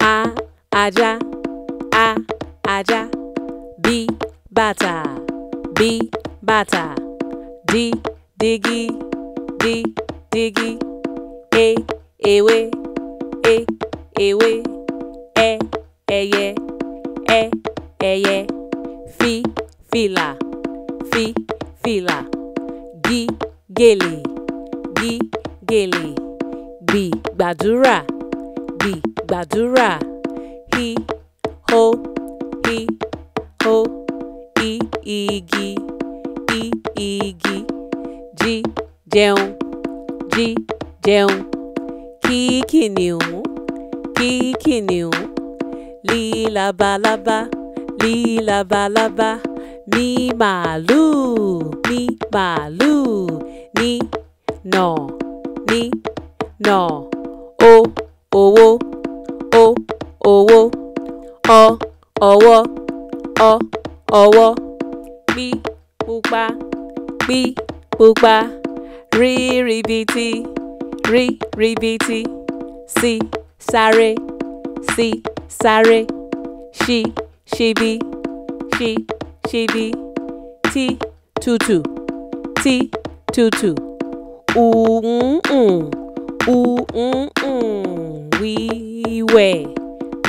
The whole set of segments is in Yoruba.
a ajá a ajá b bàtà b bàtà d dígí d dígí A e, ewé A e, ewé ẹ e, ẹyẹ ẹ ẹyẹ fi fìlà fi fìlà G gèlè G gèlè B gbàdúrà hì gbàdúrà hí ho hí ho i igi i igi jí jẹun jí jẹun kí kìnìún kí kìnìún lí labalábá lí labalábá mí màlúù mí màlúù ní nà ní nà ó owó ó owó ọ ọwọ́ ọ ọwọ́ pí pupa pí pupa rí ribiti rí ribiti sí sáré sí sáré ṣí ṣíbí ṣí ṣíbí tí tutù tí tutù ùhùn ùhùn ùhùn ùhùn. we way,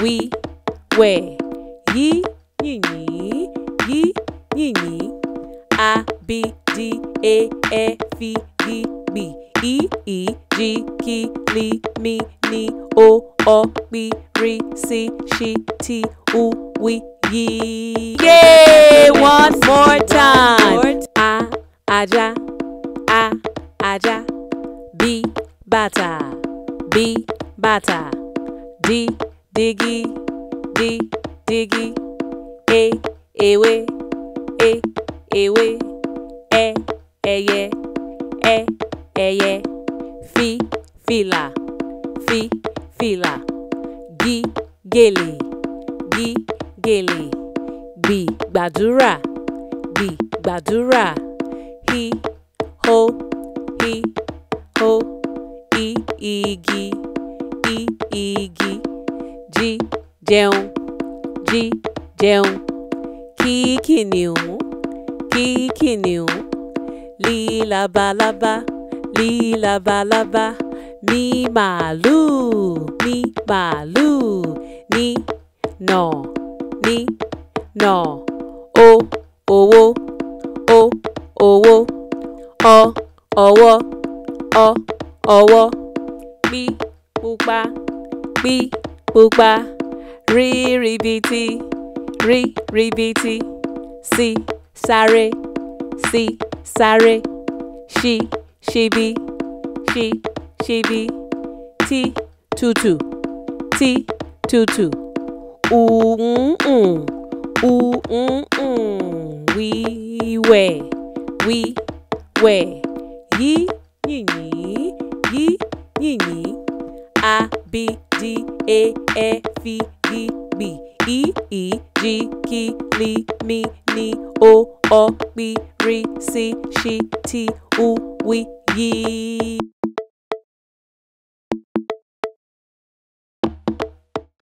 we way, ye ye ye ye ye ye, a b d a e f e d b e e g k l m n o o b r c ye. Yay! One more time. A aja, a aja, b bata, b. bàtà D diggy D diggy A e, ewé A e, ewé E ẹyẹ E ẹyẹ fi fila fi fila G gèlè G gèlè B badura B badura He ho He ho i igi. jẹun jí jẹun kí kìnìún kí kìnìún lí labalábá lí labalábá mí màlúù mí màlúù ní nà ní nà o owó o owó ọ ọwọ́ ọ ọwọ́ pí pupa pí pupa. B B T, T, C C Sare, Sare, rí ribiti rí ribiti sí sáré sí sáré ṣí ṣíbí ṣí ṣíbí tí tutù We We We We, wíwẹ̀ wíwẹ̀ yí yìnyín yí yìnyín a b d a e, e f e. G, K, L, M, N, O, O, B, R, C, Š, T, U, W, Y.